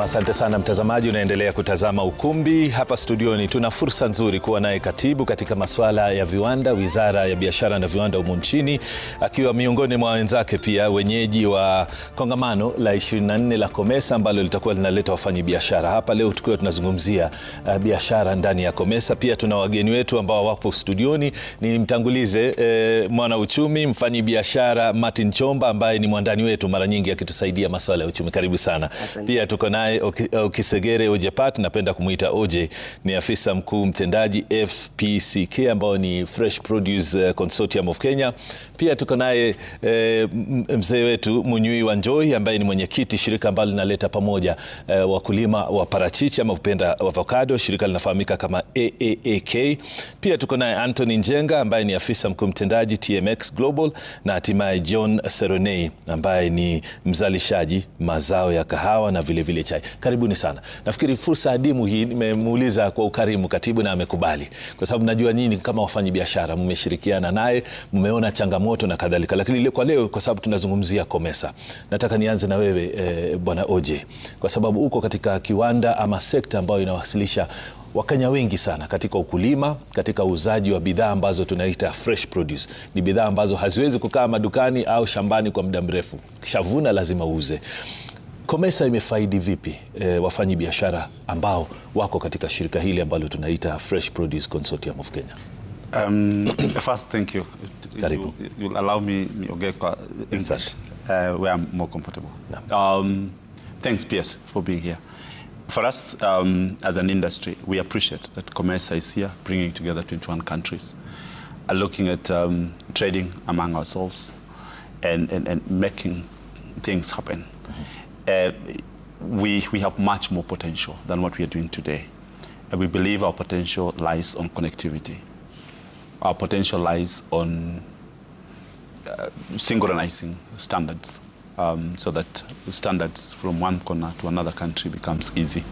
Nam, asante sana mtazamaji, unaendelea kutazama Ukumbi. Hapa studioni tuna fursa nzuri kuwa naye katibu katika masuala ya viwanda, wizara ya biashara na viwanda humu nchini, akiwa miongoni mwa wenzake pia wenyeji wa kongamano la 24 la COMESA ambalo litakuwa linaleta wafanyabiashara hapa leo, tukiwa tunazungumzia uh, biashara ndani ya COMESA. Pia tuna wageni wetu ambao wapo studioni, mtangulize eh, mwanauchumi biashara Martin Chomba ambaye ni mwandani wetu, mara nyingi akitusaidia masuala ya uchumi. Karibu sana. Asante. Pia tuko naye Oje Okisegere Oje Park, napenda kumwita Oje, ni afisa mkuu mtendaji FPCK ambao ni Fresh Produce eh, Consortium of Kenya. Pia tuko naye eh, mzee wetu Munyui Wanjoi ambaye ni mwenyekiti shirika ambalo linaleta pamoja eh, wakulima wa parachichi ama kupenda avocado, shirika linafahamika kama AAAK. Pia tuko naye Anthony Njenga ambaye ni afisa mkuu mtendaji TMX Global na hatimaye John Seronei ambaye ni mzalishaji mazao ya kahawa na vilevile chai baadaye. Karibuni sana. Nafikiri fursa adimu hii nimemuuliza kwa ukarimu katibu na amekubali, kwa sababu najua nyinyi kama wafanyi biashara mmeshirikiana naye, mmeona changamoto na kadhalika, lakini kwa leo, kwa sababu tunazungumzia COMESA, nataka nianze na wewe eh, bwana OJ, kwa sababu uko katika kiwanda ama sekta ambayo inawasilisha Wakenya wengi sana katika ukulima, katika uuzaji wa bidhaa ambazo tunaita fresh produce. Ni bidhaa ambazo haziwezi kukaa madukani au shambani kwa muda mrefu, kishavuna lazima uuze. COMESA imefaidi vipi e, eh, wafanyi biashara ambao wako katika shirika hili ambalo tunaita Fresh Produce Consortium of Kenya? Um, first thank you. Karibu. You'll allow me niongee kwa English uh, where I'm more comfortable. Um, thanks PS for being here. For us um, as an industry, we appreciate that COMESA is here bringing together 21 countries looking at um, trading among ourselves and, and, and making things happen. Mm -hmm. Uh, we, we have much more potential than what we are doing today. And we believe our potential lies on connectivity. Our potential lies on uh, synchronizing standards um, so that standards from one corner to another country becomes easy.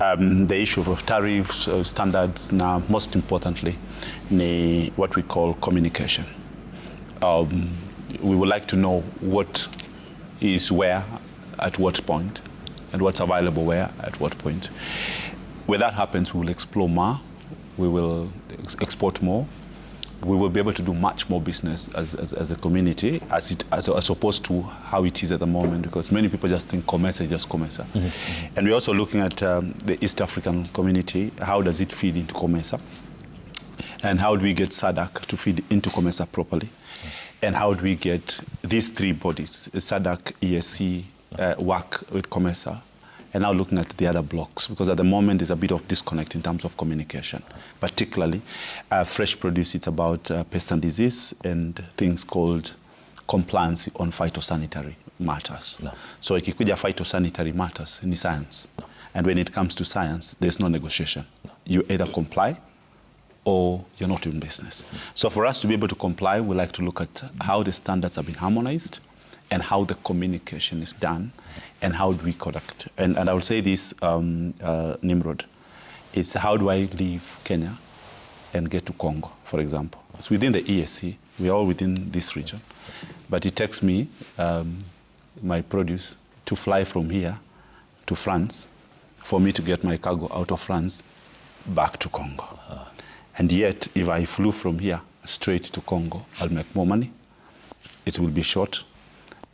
Um, the issue of tariffs, uh, standards, now most importantly, the, what we call communication. Um, we would like to know what is where at what point, and what's available where at what point. When that happens, we will explore more, we will ex export more, we will be able to do much more business as, as, as a community as, it, as, as, opposed to how it is at the moment because many people just think commerce is just commerce. Mm -hmm. And we're also looking at um, the East African community, how does it feed into commerce? And how do we get SADC to feed into commerce properly? Mm -hmm. And how do we get these three bodies, SADC, ESC, uh, work with Comesa and now looking at the other blocks because at the moment there's a bit of disconnect in terms of communication, particularly uh, fresh produce. It's about uh, pest and disease and things called compliance on phytosanitary matters. No. So ikikuja phytosanitary matters in science. No. And when it comes to science, there's no negotiation. No. You either comply or you're not in business. Mm. So for us to be able to comply, we like to look at how the standards have been harmonized, and how the communication is done and how do we conduct. And, and I will say this, um, uh, Nimrod, it's how do I leave Kenya and get to Congo, for example. It's within the ESC. We are all within this region. But it takes me, um, my produce, to fly from here to France for me to get my cargo out of France back to Congo. Uh-huh. And yet, if I flew from here straight to Congo, I'll make more money. It will be short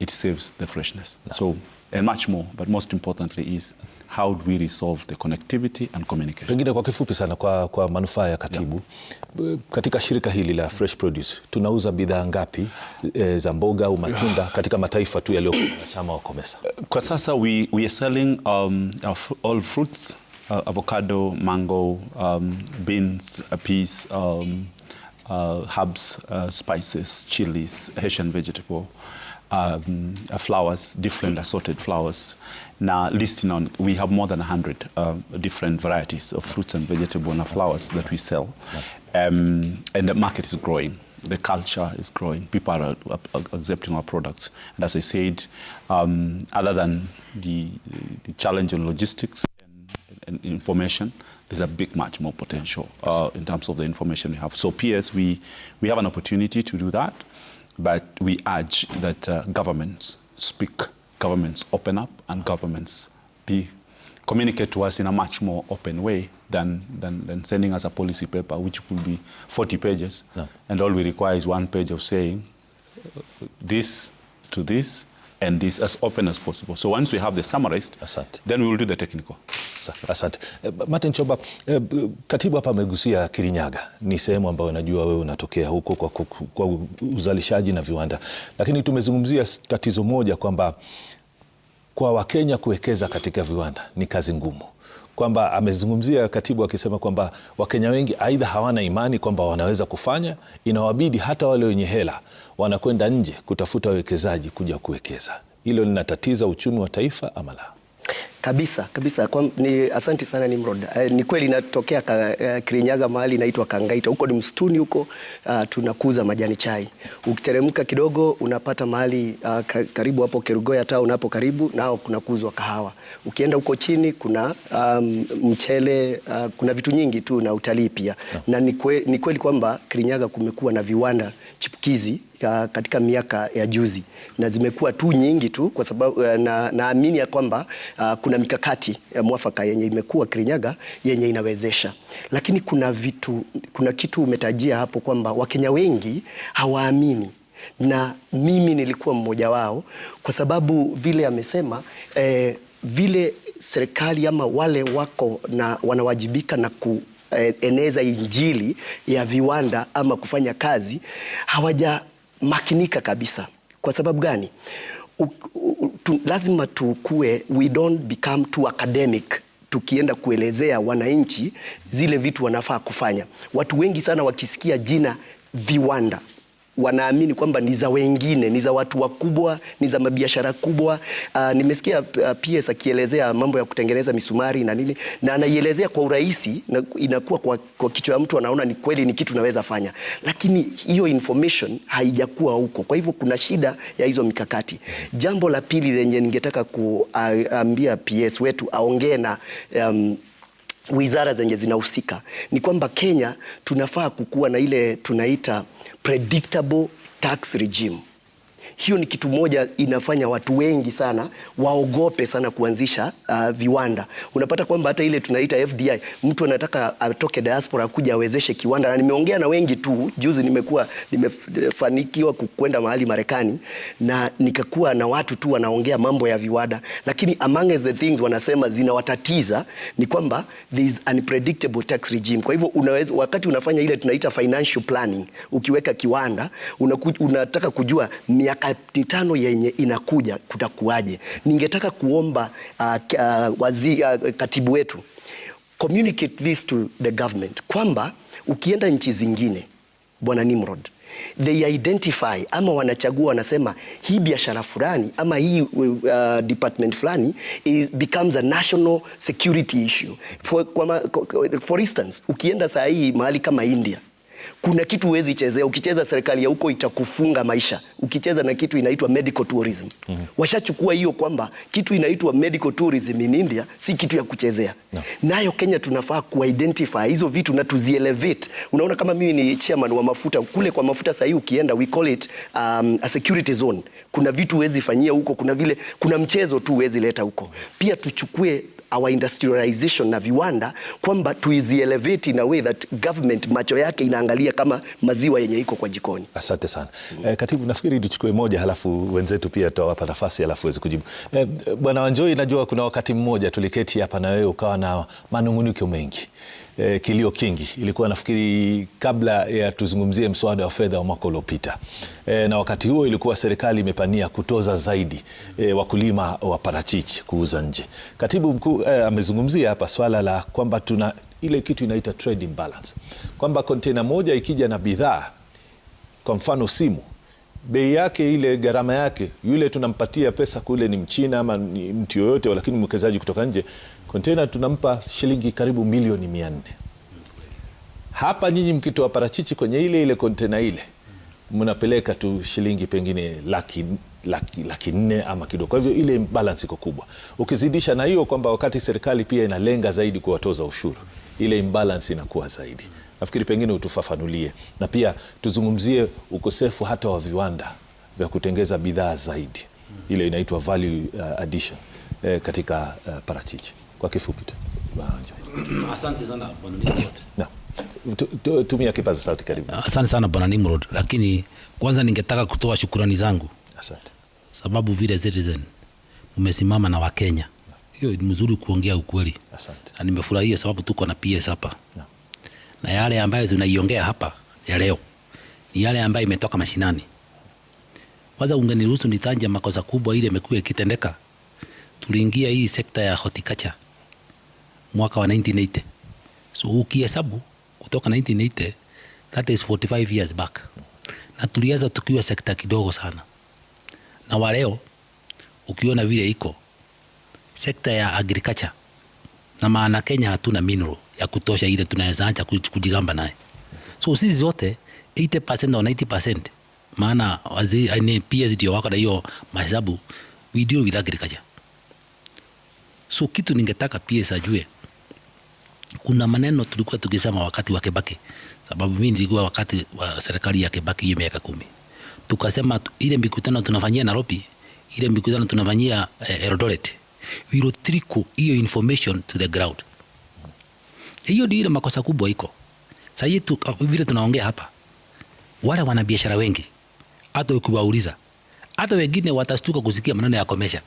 it saves the freshness. Yeah. So, and much more, but most importantly is how do we resolve the connectivity and communication. Pengine kwa kifupi sana kwa, kwa manufaa ya katibu yeah. Katika shirika hili la Fresh Produce tunauza bidhaa ngapi e, za mboga au matunda katika mataifa tu yaliyo wanachama wa COMESA? Kwa sasa we, we are selling um, all fruits uh, avocado, mango, um, beans, peas, um, uh, herbs, uh, spices, chilies, Haitian vegetable um, uh, flowers, different assorted flowers. Now, listing on, we have more than 100 uh, um, different varieties of fruits and vegetable and flowers that we sell. Um, and the market is growing. The culture is growing. People are, are, uh, are accepting our products. And as I said, um, other than the, the challenge in logistics and, and information, there's a big, much more potential uh, in terms of the information we have. So PS, we, we have an opportunity to do that. But we urge that uh, governments speak, governments open up, and governments be, communicate to us in a much more open way than, than, than sending us a policy paper, which could be 40 pages, no. and all we require is one page of saying this to this, and this as open as possible. So once we have the summarized, Asante. then we will do the technical. Asante. Eh, Martin Choba, eh, katibu hapa amegusia Kirinyaga. Ni sehemu ambayo najua wewe unatokea huko kwa, kwa, kwa uzalishaji na viwanda. Lakini tumezungumzia tatizo moja kwamba kwa Wakenya kuwekeza katika viwanda ni kazi ngumu kwamba amezungumzia katibu akisema kwamba Wakenya wengi aidha hawana imani kwamba wanaweza kufanya, inawabidi hata wale wenye hela wanakwenda nje kutafuta wawekezaji kuja kuwekeza. Hilo linatatiza uchumi wa taifa ama la? Kabisa kabisa kwa, ni, asanti sana Nimrod. Eh, ni kweli natokea eh, Kirinyaga mahali inaitwa Kangaita, huko ni msituni huko. Uh, tunakuza majani chai. Ukiteremka kidogo unapata mahali uh, karibu hapo Kerugoya ta unapo karibu nao kunakuzwa kahawa. Ukienda huko chini kuna um, mchele uh, kuna vitu nyingi tu na utalii pia no. na ni kweli kwamba Kirinyaga kumekuwa na viwanda chipukizi katika miaka ya juzi na zimekuwa tu nyingi tu kwa sababu eh, na naamini ya kwamba uh, kuna mikakati ya eh, mwafaka yenye imekuwa Kirinyaga yenye inawezesha, lakini kuna vitu, kuna kitu umetajia hapo kwamba Wakenya wengi hawaamini na mimi nilikuwa mmoja wao, kwa sababu vile amesema eh, vile serikali ama wale wako na wanawajibika na ku kueneza eh, injili ya viwanda ama kufanya kazi hawajamakinika kabisa. Kwa sababu gani? U, u, tu, lazima tukue, we don't become too academic tukienda kuelezea wananchi zile vitu wanafaa kufanya. Watu wengi sana wakisikia jina viwanda wanaamini kwamba ni za wengine, ni za watu wakubwa, ni za mabiashara kubwa. Uh, nimesikia uh, ah, PS akielezea mambo ya kutengeneza misumari na nini, na anaielezea kwa urahisi na inakuwa kwa, kwa kichwa ya mtu anaona ni kweli ni kitu naweza fanya, lakini hiyo information haijakuwa huko. Kwa hivyo kuna shida ya hizo mikakati. Jambo la pili lenye ningetaka kuambia PS wetu aongee na um, wizara zenye zinahusika ni kwamba Kenya tunafaa kukuwa na ile tunaita predictable tax regime hiyo ni kitu moja inafanya watu wengi sana waogope sana kuanzisha uh, viwanda. Unapata kwamba hata ile tunaita FDI, mtu anataka atoke diaspora kuja awezeshe kiwanda, na nimeongea na wengi tu juzi, nimekuwa nimefanikiwa kukwenda mahali Marekani na nikakuwa na watu tu wanaongea mambo ya viwanda, lakini among the things wanasema zinawatatiza ni kwamba there is unpredictable tax regime. Kwa hivyo unaweza, wakati unafanya ile tunaita financial planning, ukiweka kiwanda unaku, unataka kujua miaka Akti tano yenye inakuja kutakuwaje? Ningetaka kuomba uh, uh, wazi, uh, katibu wetu communicate this to the government kwamba ukienda nchi zingine, bwana Nimrod, they identify ama wanachagua wanasema, hii biashara fulani ama hii uh, department fulani it becomes a national security issue for, kwa, for instance ukienda saa hii mahali kama India kuna kitu huwezi chezea. Ukicheza serikali ya huko itakufunga maisha, ukicheza na kitu inaitwa medical tourism mm -hmm. Washachukua hiyo kwamba kitu inaitwa medical tourism in India si kitu ya kuchezea no. Nayo Kenya tunafaa kuidentify hizo vitu na tuzielevate. Unaona, kama mimi ni chairman wa mafuta kule, kwa mafuta sahii ukienda, we call it um, a security zone. Kuna vitu huwezi fanyia huko, kuna vile, kuna mchezo tu huwezi leta huko. Pia tuchukue our industrialization na viwanda kwamba tuizielevate in a way that government macho yake inaangalia kama maziwa yenye iko kwa jikoni. Asante sana. Mm -hmm. Eh, katibu, nafikiri tuchukue moja halafu wenzetu pia tutawapa nafasi halafu waweze kujibu. Eh, Bwana Wanjoi, najua kuna wakati mmoja tuliketi hapa na wewe ukawa na manunguniko mengi eh, kilio kingi. Ilikuwa nafikiri kabla ya tuzungumzie mswada wa fedha wa mwaka uliopita eh, na wakati huo ilikuwa serikali imepania kutoza zaidi eh, wakulima wa parachichi kuuza nje. Katibu mkuu eh, amezungumzia hapa swala la kwamba tuna ile kitu inaita trade imbalance, kwamba kontena moja ikija na bidhaa, kwa mfano simu bei yake ile, gharama yake, yule tunampatia pesa kule ni Mchina ama ni mtu yoyote, lakini mwekezaji kutoka nje, kontena tunampa shilingi karibu milioni mia nne. Hapa nyinyi mkitoa parachichi kwenye ile ile kontena ile mnapeleka tu shilingi pengine laki laki, laki nne ama kidogo. Kwa hivyo ile balance iko kubwa, ukizidisha na hiyo kwamba wakati serikali pia inalenga zaidi kuwatoza ushuru, ile imbalance inakuwa zaidi nafikiri pengine utufafanulie, na pia tuzungumzie ukosefu hata wa viwanda vya kutengeza bidhaa zaidi, ile inaitwa value uh, addition eh, katika uh, parachichi. Kwa kifupi tu, asante sana tumia kipaza sauti karibu. Asante sana bwana Nimrod, lakini kwanza ningetaka kutoa shukurani zangu. Asante sababu vile Citizen mmesimama na Wakenya, hiyo ni mzuri kuongea ukweli, na nimefurahia sababu tuko na PS hapa na yale ambayo tunaiongea hapa ya leo ni yale ambayo imetoka mashinani. Kwanza ungeniruhusu nitanje makosa kubwa ile imekuwa ikitendeka. Tuliingia hii sekta ya hotikacha mwaka wa 1980. So ukihesabu kutoka 1980 that is 45 years back. Na tulianza tukiwa sekta kidogo sana. Na wa leo ukiona vile iko sekta ya agriculture na maana Kenya hatuna mineral ya kutosha ile tunaweza acha kujigamba naye. So sisi zote 80% au 90%, maana wazi ni PhD wako na hiyo mahesabu, we deal with agriculture. So kitu ningetaka PS ajue, kuna maneno tulikuwa tukisema wakati wa Kibaki, sababu mimi nilikuwa wakati wa serikali ya Kibaki hiyo miaka kumi, tukasema ile mikutano tunafanyia Nairobi, ile mikutano tunafanyia eh, Eldoret vilotriku hiyo information to the ground. Hiyo ndio ile makosa kubwa iko sahii tu, ah, vile tunaongea hapa, wale wana biashara wengi, hata ukiwauliza, hata wengine watastuka kusikia maneno ya komesha.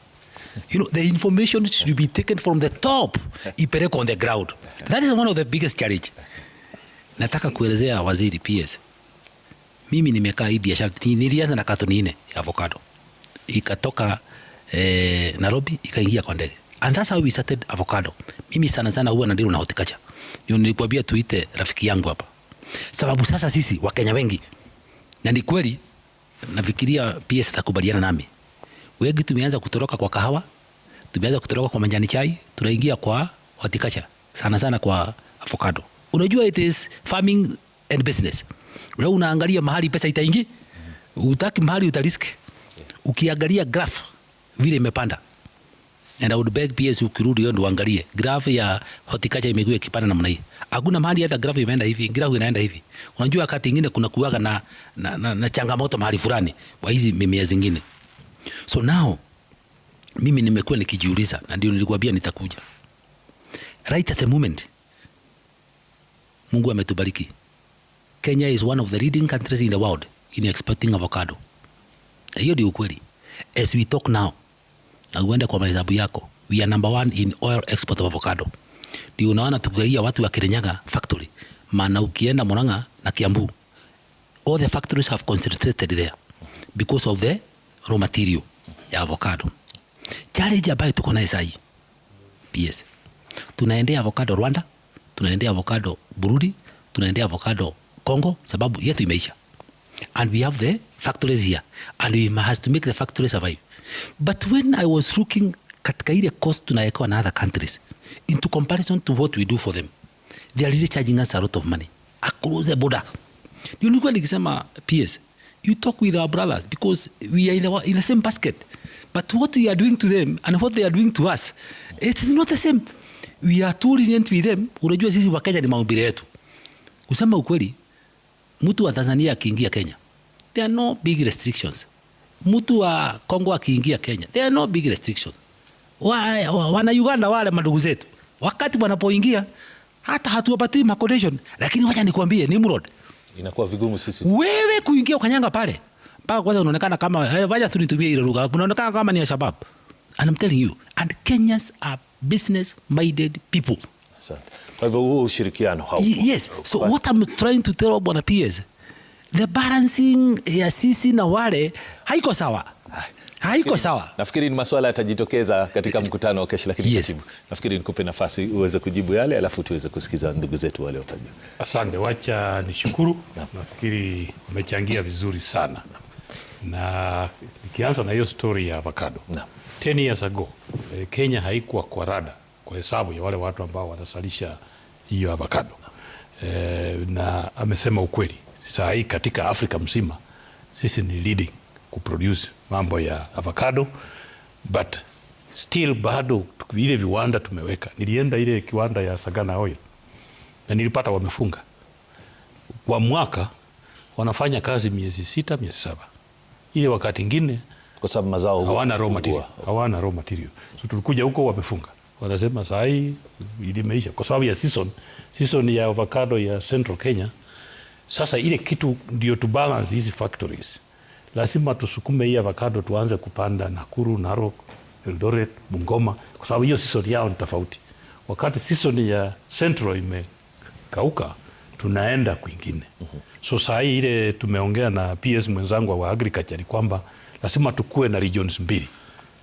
You know, the information should be taken from the top, ipereko on the ground. That is one of the biggest challenge. Nataka kuelezea waziri PS, mimi nimekaa hii biashara, nilianza na katoni nne ya avocado ikatoka eh, Nairobi ikaingia kwa ndege. And that's how we started avocado. Mimi sana sana huwa nadili na horticulture. Ndio nilikwambia tuite rafiki yangu hapa. Sababu sasa sisi Wakenya wengi na ni kweli nafikiria pia sitakubaliana nami. Wengi tumeanza kutoroka kwa kahawa, tumeanza kutoroka kwa majani chai, tunaingia kwa horticulture. Sana sana kwa avocado. Unajua it is farming and business. Leo unaangalia mahali pesa itaingia, utaki mahali utarisk. Ukiangalia graph vile imepanda. And I would beg PS ukirudi yondo angalie. Graph ya horticulture imegwe kipanda namna hii. Hakuna mahali hata graph imeenda hivi, graph inaenda hivi. Unajua wakati mwingine kuna kuwaga na, na, na, na changamoto mahali fulani kwa hizi mimea zingine. So now mimi nimekuwa nikijiuliza na ndio nilikwambia nitakuja. Right at the moment Mungu ametubariki. Kenya is one of the leading countries in the world in exporting avocado. Hiyo ndio ukweli as we talk now na uende kwa mahesabu yako we are number one in oil export of avocado ndio unaona tukigaia watu wa Kirinyaga factory maana ukienda Murang'a na Kiambu all the factories have concentrated there because of the raw material ya avocado challenge ambayo tuko nayo sasa PS tunaendea avocado Rwanda tunaendea avocado Burundi tunaendea avocado Congo sababu yetu imeisha and we have the factories here and we has to make the factory survive. But when I was looking katika ile cost tunawekewa na other countries into comparison to what we do for them, they are really charging us a lot of money across the border. Ndio nilikuwa nikisema PS, you talk with our brothers because we are in the, in the same basket. But what we are doing to them and what they are doing to us, it is not the same. We are too lenient with them. Unajua sisi Wakenya ni maumbile yetu. Kusema ukweli, mtu wa Tanzania akiingia Kenya, there are no big restrictions. Mtu wa Kongo akiingia Kenya, there are no big restrictions. Wa, wa, wana Uganda wale madugu zetu wakati wanapoingia hata hatuwapati accommodation, lakini wacha nikwambie, Nimrod, inakuwa vigumu sisi wewe kuingia ukanyanga pale mpaka kwanza unaonekana kama eh, wacha tu ile lugha, unaonekana kama ni Al-Shabaab. And I'm telling you, and Kenyans are business minded people. Asante. Kwa hivyo huo ushirikiano haupo. Yes. So what I'm trying to tell Bwana PS, the balancing ya sisi na wale haiko sawa. Haiko sawa. Nafikiri ni maswala yatajitokeza katika mkutano wa kesho, lakini yes. Nafikiri nikupe nafasi uweze kujibu yale alafu tuweze kusikiza ndugu zetu wale watajua. Asante, wacha nishukuru. na. Nafikiri umechangia vizuri sana. Na nikianza na hiyo story ya avocado. 10 years ago eh, Kenya haikuwa kwa rada kwa hesabu ya wale watu ambao wanasalisha hiyo avocado e, na amesema ukweli. Saa hii katika Afrika mzima sisi ni leading kuproduce mambo ya avocado but still bado ile viwanda tumeweka. Nilienda ile kiwanda ya Sagana Oil na nilipata wamefunga kwa mwaka, wanafanya kazi miezi sita miezi saba, ile wakati ingine kwa sababu mazao hawana raw material, hawana raw material, so tulikuja huko wamefunga wanasema saa hii ilimeisha, kwa sababu ya season season ya avocado ya Central Kenya. Sasa ile kitu ndio tu balance hizi factories, lazima tusukume hii avocado tuanze kupanda Nakuru, Narok, Eldoret, Bungoma, kwa sababu hiyo season yao ni tofauti. Wakati season ya Central imekauka tunaenda kwingine. So saa hii ile tumeongea na PS mwenzangu wa agriculture kwamba lazima tukue na regions mbili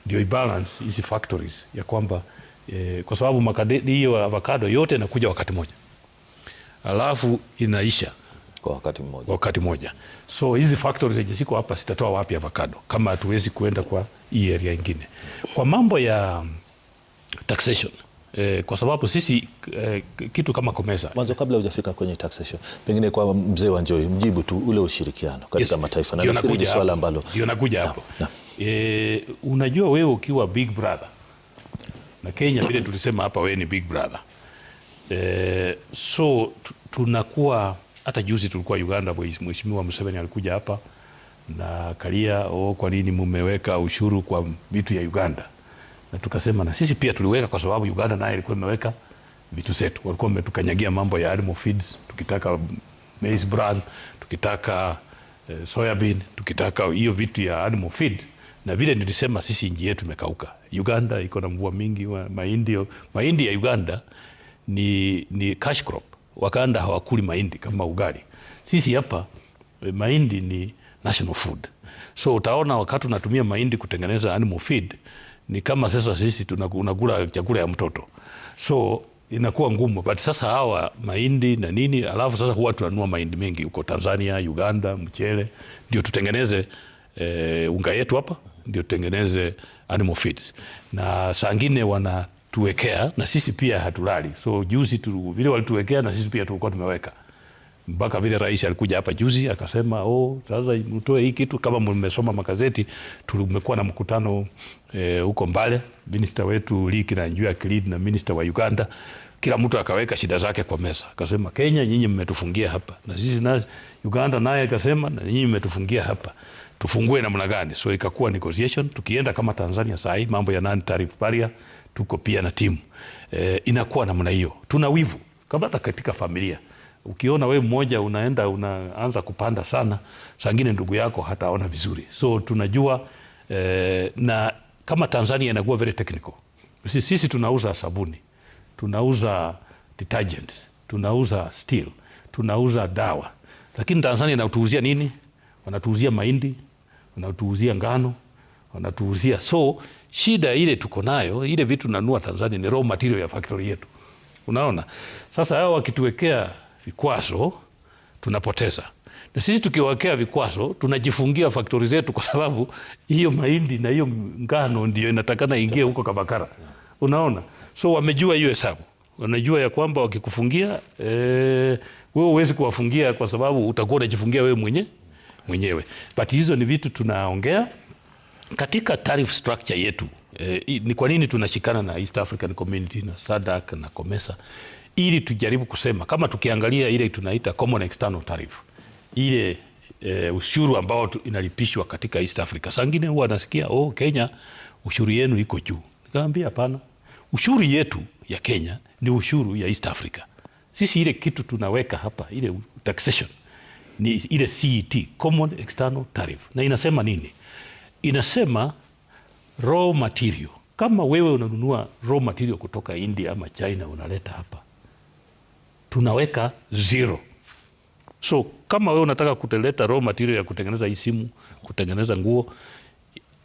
ndio ibalance hizi factories ya kwamba e, kwa sababu makadidi hiyo avocado yote inakuja wakati mmoja alafu inaisha kwa wakati mmoja, wakati mmoja. So hizi factory zenye ziko hapa sitatoa wapi avocado kama hatuwezi kuenda kwa hii area nyingine kwa mambo ya mm, taxation eh, kwa sababu sisi eh, kitu kama COMESA mwanzo, kabla hujafika kwenye taxation, pengine kwa mzee wa Njoi mjibu tu ule ushirikiano katika yes, mataifa na nafikiri ni swala ambalo ndio nakuja hapo na, na. Eh, unajua wewe ukiwa big brother na Kenya vile tulisema hapa, wewe ni big brother e, so tunakuwa hata juzi tulikuwa Uganda, Mheshimiwa Museveni alikuja hapa na Karia, oh, kwa nini mumeweka ushuru kwa vitu ya Uganda? Na tukasema na sisi pia tuliweka kwa sababu Uganda naye ilikuwa imeweka vitu zetu, walikuwa wametukanyagia mambo ya animal feeds, tukitaka maize bran, tukitaka eh, soybean, tukitaka hiyo vitu ya animal feed na vile nilisema, sisi nji yetu imekauka. Uganda iko na mvua mingi, mahindi mahindi ya Uganda ni, ni cash crop. Wakanda hawakuli mahindi kama ugali. Sisi hapa eh, mahindi ni national food, so utaona wakati unatumia mahindi kutengeneza animal feed ni kama sasa sisi tunakula chakula ya mtoto, so inakuwa ngumu. But sasa hawa mahindi na nini, alafu sasa huwa tunanua mahindi mengi huko Tanzania, Uganda, mchele ndio tutengeneze e, unga yetu hapa ndio tutengeneze animal feeds, na saa wana tuwekea na sisi pia hatulali. So juzi tu vile walituwekea na sisi pia tulikuwa tumeweka mpaka vile rais alikuja hapa juzi akasema, oh, sasa mtoe hii kitu. Kama mmesoma magazeti, tumekuwa na mkutano eh, huko e, Mbale, minista wetu liki na njua kilid na minista wa Uganda, kila mtu akaweka shida zake kwa meza, akasema Kenya, nyinyi mmetufungia hapa, na sisi na Uganda naye akasema, na nyinyi mmetufungia hapa tufungue namna gani? So ikakuwa negotiation, tukienda kama Tanzania saa hii mambo ya nani tarifu paria, tuko pia na timu e, inakuwa namna hiyo. Tuna wivu kama hata katika familia, ukiona we mmoja unaenda unaanza kupanda sana, sangine ndugu yako hataona vizuri, so tunajua e, na kama Tanzania inakuwa very technical. Sisi, sisi tunauza sabuni, tunauza detergents, tunauza steel, tunauza dawa, lakini Tanzania inatuuzia nini? Wanatuuzia mahindi wanatuuzia ngano, wanatuuzia so shida ile tuko nayo, ile vitu nanua Tanzania ni raw material ya factory yetu, unaona. Sasa hao wakituwekea vikwazo tunapoteza, na sisi tukiwekea vikwazo tunajifungia faktori zetu, kwa sababu hiyo mahindi na hiyo ngano ndio inatakana ingie huko Kabakara, unaona. So wamejua hiyo hesabu, wanajua ya kwamba wakikufungia, e, wewe huwezi kuwafungia kwa sababu utakuwa unajifungia wewe mwenyewe mwenyewe, but hizo ni vitu tunaongea katika tariff structure yetu. E, ni kwa nini tunashikana na East African Community na SADC na COMESA ili tujaribu kusema kama tukiangalia ile tunaita common external tariff ile e, ushuru ambao inalipishwa katika East Africa. Sangine huwa anasikia oh, Kenya ushuru yenu iko juu. Nikamwambia hapana, ushuru yetu ya Kenya ni ushuru ya East Africa. Sisi ile kitu tunaweka hapa ile taxation ni ile CET, Common External Tariff. Na inasema nini? Inasema raw material, kama wewe unanunua raw material kutoka India ama China unaleta hapa, tunaweka zero. So kama wewe unataka kuteleta raw material ya kutengeneza hii simu, kutengeneza nguo,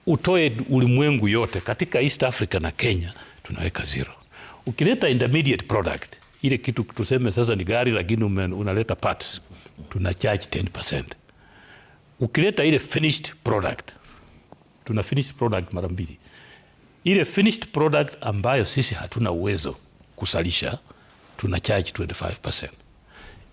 utoe ulimwengu yote, katika East Africa na Kenya tunaweka zero. Ukileta intermediate product, ile kitu tuseme sasa ni gari, lakini unaleta parts tuna charge 10%. Ukileta ile finished product, tuna finished product mara mbili, ile finished product ambayo sisi hatuna uwezo kusalisha tuna charge 25%.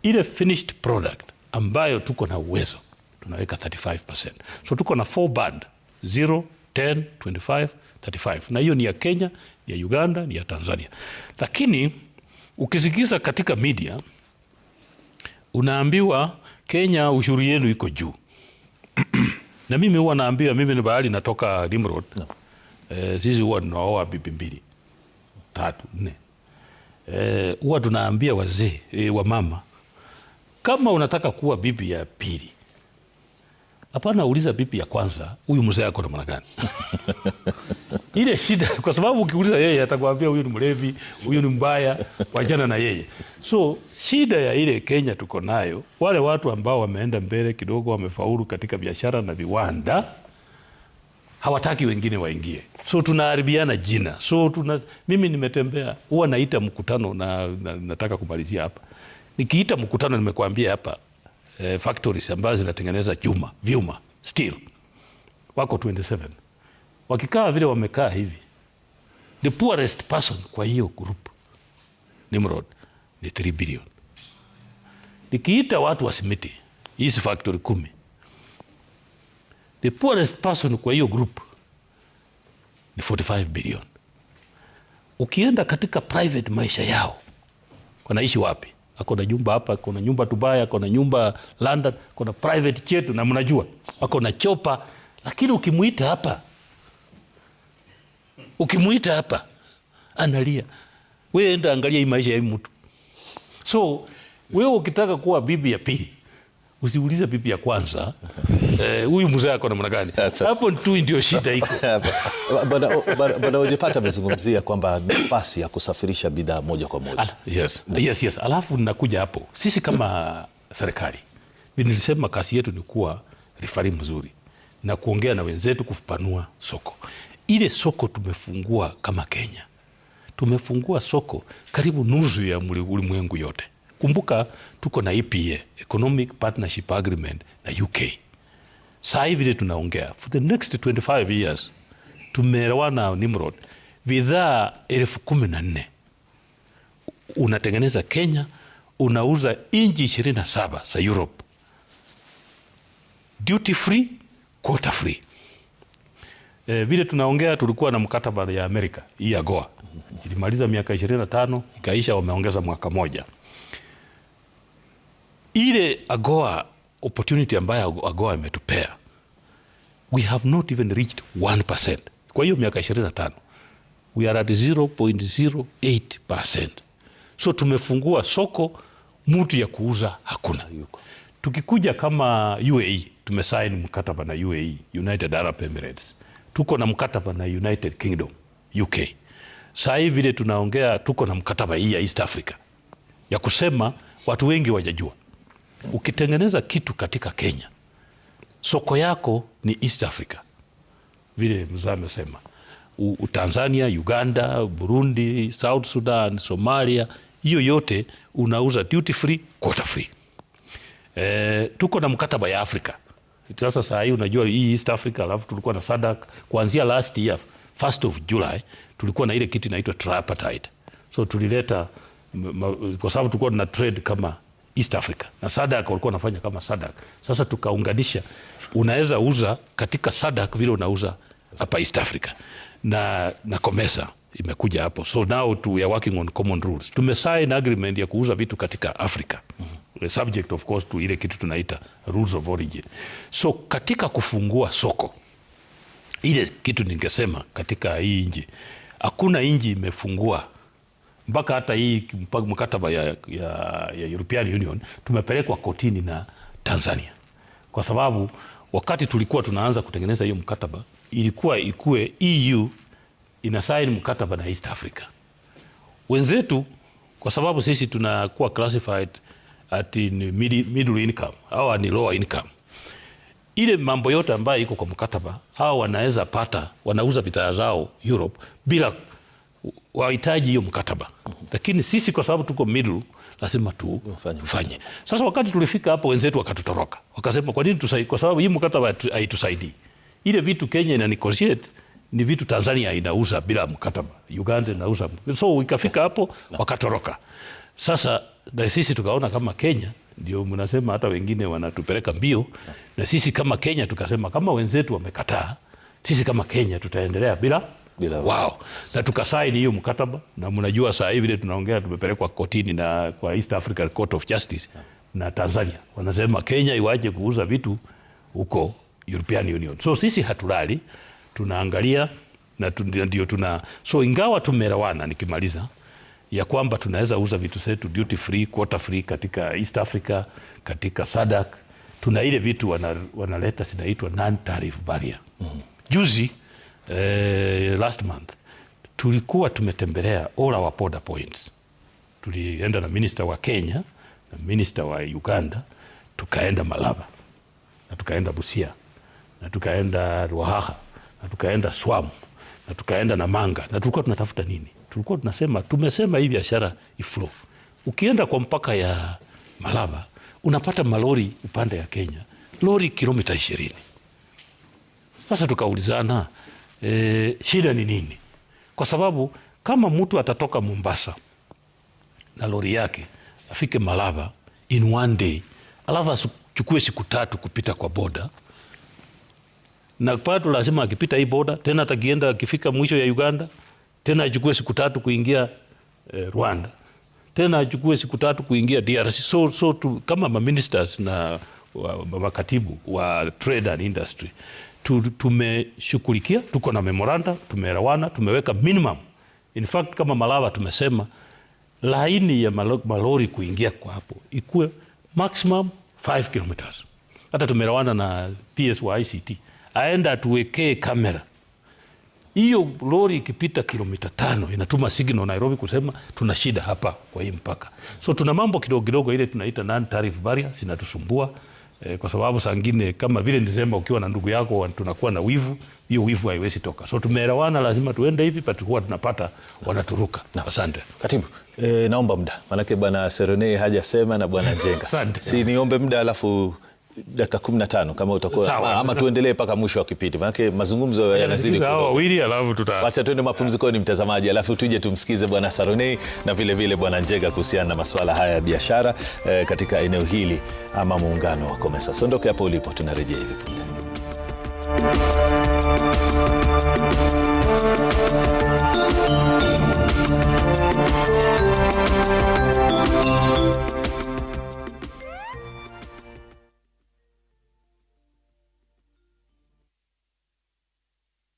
Ile finished product ambayo tuko na uwezo tunaweka 35%. So tuko na four band 0, 10, 25, 35, na hiyo ni ya Kenya, ni ya Uganda, ni ya Tanzania. Lakini ukisikiza katika media unaambiwa Kenya ushuru yenu iko juu na mimi huwa naambiwa mimi ni bahari natoka Limrod no. E, sisi huwa tunaoa bibi mbili tatu nne eh, huwa e, tunaambia wazee e, wa mama kama unataka kuwa bibi ya pili hapana, uliza bibi ya kwanza, huyu mzee ako namna gani? ile shida, kwa sababu ukiuliza yeye atakwambia huyu ni mlevi, huyu ni mbaya, wachana na yeye. So shida ya ile Kenya tuko nayo, wale watu ambao wameenda mbele kidogo, wamefaulu katika biashara na viwanda, hawataki wengine waingie, so tunaharibiana jina. So tuna, mimi nimetembea, huwa naita mkutano na, na, nataka kumalizia hapa. Nikiita mkutano, nimekuambia hapa eh, factories ambazo zinatengeneza chuma, vyuma, steel wako 27 wakikaa vile wamekaa hivi, the poorest person kwa hiyo group Nimrod ni 3 billion. Nikiita watu wasimiti hizi factory kumi, the poorest person kwa hiyo group ni 45 billion. Ukienda katika private maisha yao wanaishi wapi? Ako na nyumba hapa, ako na nyumba Dubai, ako na nyumba London, ako na private chetu na mnajua ako na chopa, lakini ukimuita hapa ukimwita hapa analia, wewe enda angalia hii maisha ya mtu. So wewe ukitaka kuwa bibi ya pili usiulize bibi ya kwanza eh, huyu eh, mzee ako namna gani? Hapo tu ndio shida iko. Bwana Ojepata amezungumzia kwamba nafasi ya kusafirisha bidhaa moja kwa moja. Al- Yes, yes, yes. Alafu nakuja hapo, sisi kama serikali nilisema kasi yetu ni kuwa rifari mzuri na kuongea na wenzetu kupanua soko ile soko tumefungua kama Kenya, tumefungua soko karibu nusu ya ulimwengu yote. Kumbuka tuko na EPA, Economic Partnership Agreement na UK. Saa hii vile tunaongea, for the next 25 years na Nimrod, bidhaa elfu kumi na nne unatengeneza Kenya, unauza inji ishirini na saba za Europe, duty free, quota free. E, vile tunaongea tulikuwa na mkataba ya Amerika hii AGOA ilimaliza miaka ishirini na tano ikaisha, wameongeza mwaka moja. Ile AGOA opportunity ambayo AGOA imetupea we have not even reached 1%. Kwa hiyo miaka ishirini na tano we are at 0.08%, so tumefungua soko mutu ya kuuza hakuna. Tukikuja kama UAE tumesaini mkataba na UAE, United Arab Emirates tuko na mkataba na United Kingdom UK. Saa hii vile tunaongea, tuko na mkataba hii ya East Africa ya kusema watu wengi wajajua, ukitengeneza kitu katika Kenya soko yako ni East Africa, vile mzaa amesema Tanzania, Uganda, Burundi, South Sudan, Somalia, hiyo yote unauza duty free, quota free. E, tuko na mkataba ya Afrika sasa saa hii unajua hii East Africa, alafu tulikuwa na SADC kuanzia last year first of July tulikuwa na ile kitu inaitwa tripartite, so tulileta kwa sababu tulikuwa tuna trade kama East Africa na SADC walikuwa wanafanya kama SADC. Sasa tukaunganisha, unaweza uza katika SADC vile unauza hapa East Africa na, na COMESA imekuja hapo, so now we are working on common rules. Tumesign agreement ya kuuza vitu katika Africa. mm -hmm subject of course to ile kitu tunaita rules of origin. So katika kufungua soko, ile kitu ningesema katika hii nchi, hakuna nchi imefungua mpaka hata hii mkataba ya, ya, ya European Union tumepelekwa kotini na Tanzania, kwa sababu wakati tulikuwa tunaanza kutengeneza hiyo mkataba ilikuwa ikuwe EU inasaini mkataba na East Africa wenzetu, kwa sababu sisi tunakuwa classified ati ni middle income, au ni lower income. Ile mambo yote ambayo iko kwa mkataba, hawa wanaweza pata, wanauza bidhaa zao Europe bila wahitaji hiyo mkataba, lakini sisi kwa sababu tuko middle lazima tu tufanye. Sasa wakati tulifika hapo, wenzetu wakatutoroka, wakasema kwa nini tusai Kwa sababu hii mkataba haitusaidii. Ile vitu Kenya ina negotiate ni vitu Tanzania inauza bila mkataba, Uganda inauza, so ikafika hapo wakatoroka. Sasa na sisi tukaona kama Kenya ndio mnasema hata wengine wanatupeleka mbio, na sisi kama Kenya tukasema kama wenzetu wamekataa, sisi kama Kenya tutaendelea bila wao na tukasaini hiyo mkataba, na mnajua saa hivi vile tunaongea tumepelekwa kotini na kwa East Court of Justice na Tanzania wanasema Kenya iwache kuuza vitu huko European Union. So sisi hatulali, tunaangalia na ndio tuna so ingawa tumerawana, nikimaliza ya kwamba tunaweza uza vitu zetu duty free, quota free katika East Africa, katika SADC. Tuna ile vitu wanaleta zinaitwa non tariff barrier. mm -hmm. Juzi eh, last month tulikuwa tumetembelea all our border points. Tulienda na minister wa Kenya na minister wa Uganda, tukaenda Malaba na tukaenda Busia na tukaenda Ruaha na tukaenda Swamu na tukaenda Namanga na tulikuwa tunatafuta nini tulikuwa tunasema, tumesema hii biashara iflo. Ukienda kwa mpaka ya Malaba unapata malori upande ya Kenya, lori kilomita ishirini. Sasa tukaulizana e, shida ni nini? Kwa sababu kama mtu atatoka Mombasa na lori yake afike Malaba in one day, alafu achukue siku tatu kupita kwa boda na pato lazima akipita hii boda tena, atakienda akifika mwisho ya Uganda tena achukue siku tatu kuingia eh, Rwanda tena achukue siku tatu kuingia DRC. So, so tu, kama maministers na makatibu wa, wa, wa trade and industry tu, tumeshughulikia, tuko na memoranda, tumeelewana, tumeweka minimum. In fact kama Malawa tumesema laini ya malori kuingia kwa hapo ikuwe maximum 5 kilometers. Hata tumeelewana na PS wa ICT aenda atuwekee kamera hiyo lori ikipita kilomita tano inatuma signal Nairobi kusema tuna shida hapa kwa hii mpaka. So tuna mambo kidogo kidogo ile tunaita non tariff barriers inatusumbua eh, kwa sababu sangine kama vile nilisema, ukiwa na ndugu yako tunakuwa na wivu, hiyo wivu haiwezi toka. So tumeelewana, lazima tuende hivi patakuwa tunapata wanaturuka. Asante katibu. eh, naomba muda manake bwana Serene hajasema na bwana Njenga si niombe muda alafu dakika 15 kama utakuwa ama, tuendelee mpaka mwisho wa kipindi, manake mazungumzo yaani yanazidi. Wacha tuende mapumzikoni, mtazamaji, alafu tuje tumsikize Bwana Saronei na vilevile vile Bwana Njega kuhusiana na masuala haya ya biashara eh, katika eneo hili ama muungano wa COMESA. Sondoke hapo ulipo, tunarejea hivi punde.